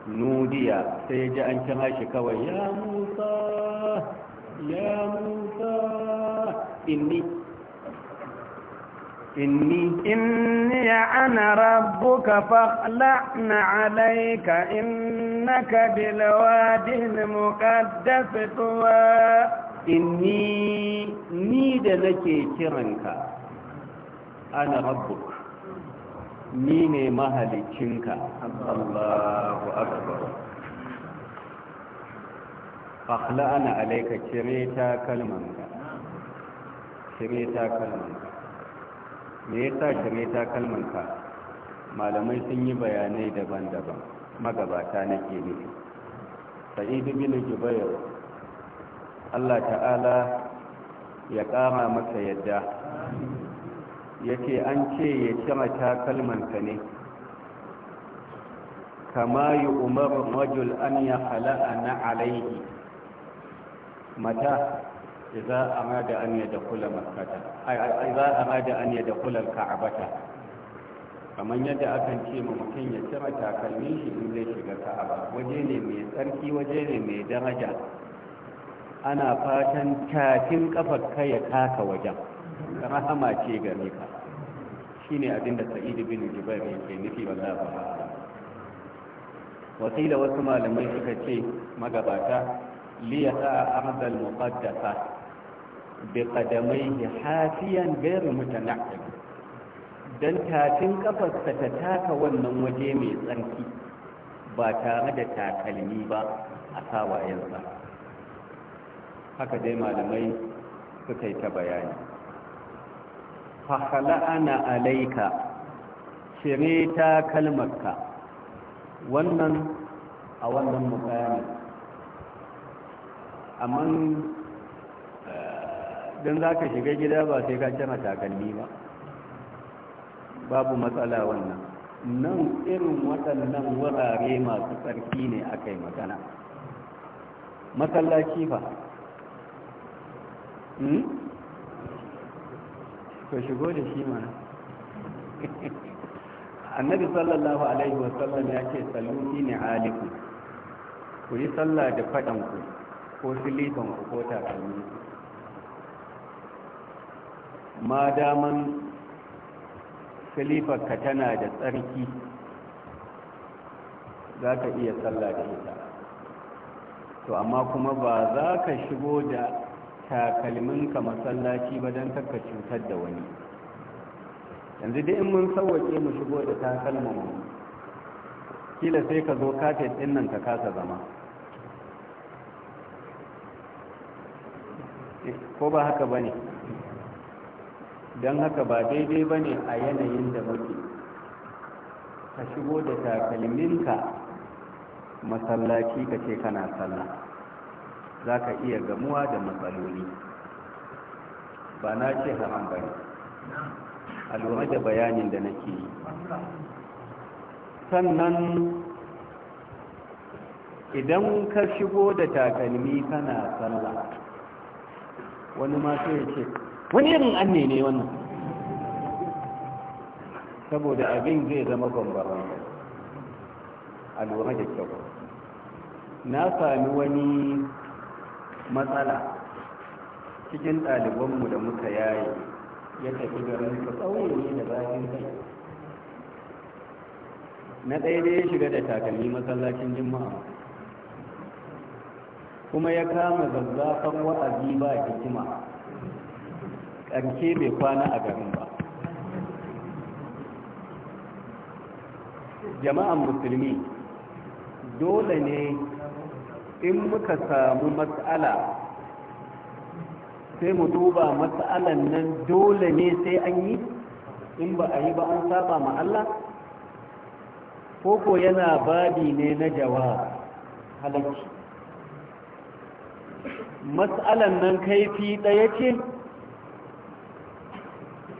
nudiya sai ya ji an kira shi kawai ya musa ya musa inni إني إني أنا ربك فاخلعن عليك إنك بالواد المقدس طوى إني نيد لك كرنك أنا ربك مين مهلي كنك الله أكبر فاخلعن عليك كريتا كلمنك كريتا كلمنك me yasa shirye ka malamai sun yi bayanai daban-daban magabata nake nufi sa'idu bin jubair Allah ta'ala ya kama masa yadda Ya ce an ce ya cima ka ne kama yi umarin Anya, an ya hala'a na alaihi mata idza amada an yadkhula makkata idza amada an yadkhula kamar yadda akan ce ma mutum ya cire takalmin shi in zai shiga ka'aba waje ne mai tsarki waje ne mai daraja ana fatan tafin kafar kai ya taka wajen rahama ce gare ka shine abinda Sa'idu bin jubair yake nufi wallahi ba wasila wasu malamai suka ce magabata liya ta ardal muqaddasa biƙadamai hafiyan gairu mutana'im don tafin ƙafarsa ta taka wannan waje mai tsarki ba tare da takalmi ba a sawayensa haka dai malamai suka yi ta bayani ana alaika cire takalmarka wannan a wannan mukami amma don za ka shiga gida ba sai ka cana takalmi ba babu matsala wannan nan irin waɗannan wurare masu tsarki ne aka yi magana masallaci fa ka hmm? shigo da shi mana annabi sallallahu alaihi wasallam ya ce salluti ne haliku ku yi sallah da faɗanku ko silifan ko takalmi ma daman ka tana da tsarki za ka iya tsalla da ita to amma kuma ba za ka shigo da takalminka masallaci ba don ka cutar da wani yanzu dai in mun sauwake mu shigo da takalmin kila sai ka zo kafet ɗinnan nan ka kasa zama eh, ko ba haka ba ne don haka ba daidai ba ne a yanayin da muke ka shigo da takalminka masallaci ka ce kana sallah za ka iya gamuwa da matsaloli ba na ce haram ba ne a lura da bayanin da nake yi sannan idan ka shigo da takalmi kana sallah wani ma sai ce wani irin an ne wannan saboda abin zai zama bambara a lura da kyau na sami wani matsala cikin ɗalibanmu da muka yayi ya tafi garin ka tsawon da zafin kai na ɗaya da ya shiga da takalmi masallacin jima'a kuma ya kama zazzafan wa'azi ba hikima Ɗanke mai kwana a garin ba jama'an musulmi dole ne in muka samu matsala sai mu duba matsalan nan dole ne sai an yi in ba a yi ba an saba ma Allah koko yana babi ne na jawa halarci matsalan nan kaifi ɗaya ce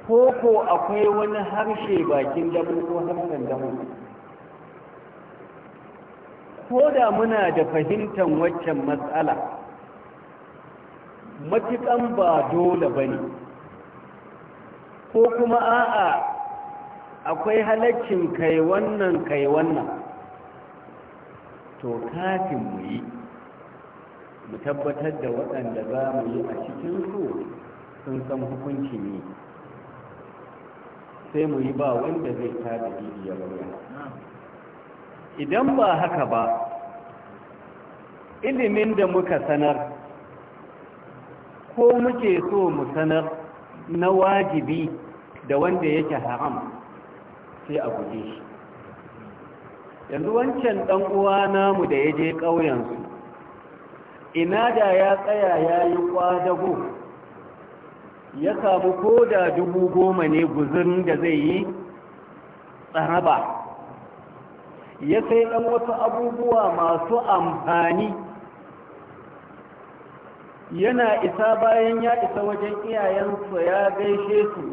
ko ko akwai wani harshe bakin damu ko harshen damu ko da muna da fahimtar waccan matsala matikan ba dole ba ne ko kuma a'a akwai halaccin kai wannan kai wannan to kafin mu yi mu tabbatar da waɗanda za mu yi a cikin su sun san hukunci ne sai mu yi ba wanda zai ta da ya bauya idan ba haka ba ilimin da muka sanar ko muke so mu sanar na wajibi da wanda yake haram sai a guje shi yanzu wancan ɗan uwa namu da ya je ƙauyensu ina da ya tsaya ya yi kwadago ya samu ko da dubu goma ne guzurin da zai yi tsaraba ya sai ɗan wasu abubuwa masu amfani yana isa bayan ya isa wajen iyayensu ya gaishe su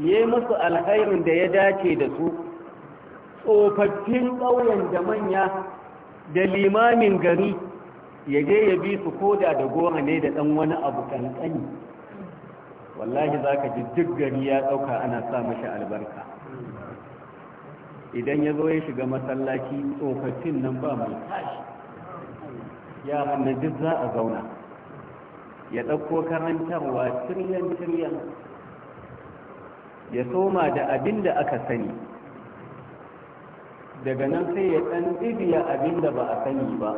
ya musu alkhairin da ya dace da su tsofaffin ƙauyen da manya da limamin gari ya je ya bi su koda da goma ne da ɗan wani abu ƙanƙani wallahi za ka ji duk gari ya ɗauka ana sa mashi albarka idan ya zo ya shiga masallaci tsofaffin nan ba mai tashi yaran na duk za a zauna ya ɗauko karantarwa ciryan ciryan. ya soma da abin da aka sani daga nan sai ya ɗan ɗibiya abin da ba a sani ba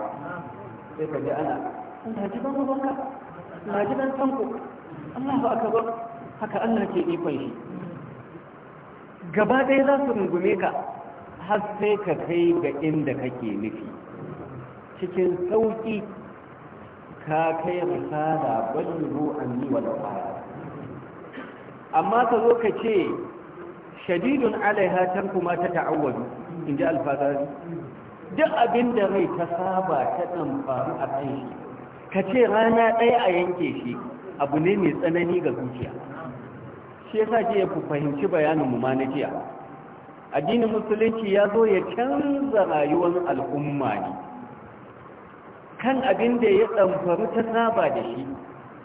sai ka ji ana na ji ba ji ba sanko ka ba haka Allah ke ikon shi gaba ɗaya za su rungume ka har sai ka kai ga inda kake nufi cikin sauƙi ka kai risala ru'an anni wa amma ka zo ka ce shadidun alaiha tarku kuma ta ta'awwadu in ji alfazari duk abin da rai ta saba ta ɗan faru a kan shi ka ce rana ɗaya a yanke shi abu ne mai tsanani ga zuciya shi yasa ke ku fahimci bayanin mu ma na jiya addinin musulunci ya zo ya canza rayuwar al'umma ne kan abin da ya tsamfaru ta saba da shi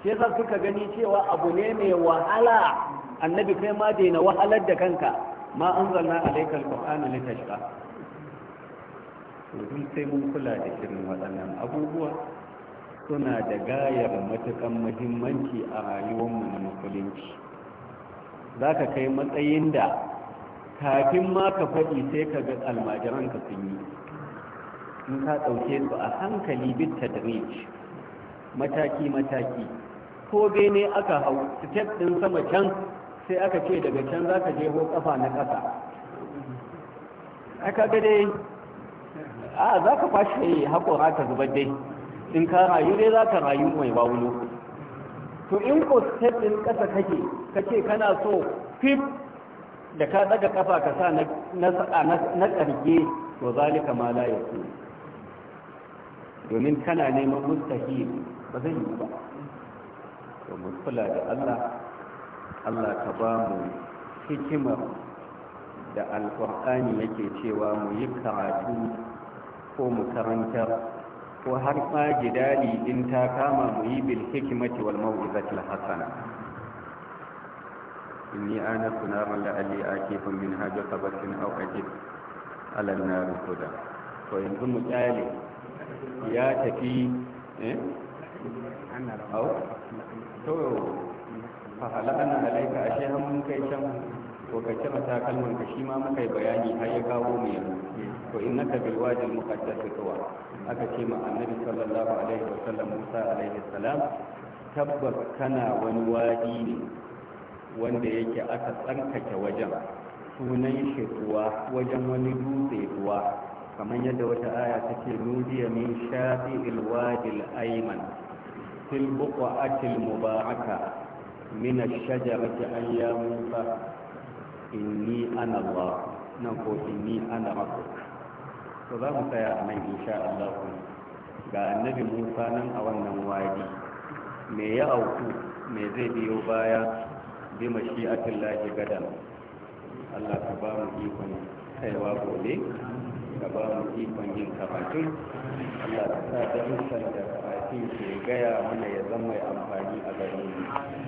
shi yasa suka gani cewa abu ne mai wahala annabi kai ma daina wahalar da kanka ma an zanna alaikar ƙwa'ana na tashka sai mun kula da shirin waɗannan abubuwa suna da gayar matukan muhimmanci a rayuwarmu na musulunci za ka kai matsayin da kafin ma ka faɗi sai ka ga almajiranka sun yi in ka ɗauke su a hankali bitta da mataki-mataki ko bene aka hau step ɗin sama can sai aka ce daga can za ka ho ƙafa na ƙasa aka ga dai a za ka fashe haƙora ka zubar dai in ka rayu dai za ka rayu mai bawulo to in ko step din kasa kake kace kana so fif da ka daga kafa ka sa na na karge to zalika ma la yake domin kana neman mustahi ba zai yi ba to da Allah Allah ka ba mu hikimar da alkur'ani yake cewa mu yi karatu ko mu karantar ko har ma jidali din ta kama mu yi bil hikmati wal mau'izati al hasana inni anastu naran la'alli akikum min haja qabatin aw ajib ala an-nar huda to yanzu mu tsale ya tafi eh to fa ana alayka ashe mun kai can to ka cire takalman ka shi ma muka yi bayani har ya kawo mu yanzu to innaka bil wadi muqaddas tuwa aka ce ma annabi sallallahu alaihi wa sallam Musa alaihi salam tabbas kana wani wadi ne wanda yake aka tsarkake wajen sunan shi ruwa wajen wani dutse ruwa kamar yadda wata aya take nudiya min shafi'il wadil ayman fil buqa'atil mubaraka min ash-shajarati ya musa inni ana Allah nan ko inni ana rabbuk to za mu tsaya a nan insha Allah ga annabi Musa nan a wannan wadi me ya auku me zai biyo baya bi mashi'atin lahi gadan Allah ka ba mu ikon kaiwa gobe ka ba mu ikon yin karatun Allah ka sa darussan da karatun ke gaya mana ya zama mai amfani a garin mu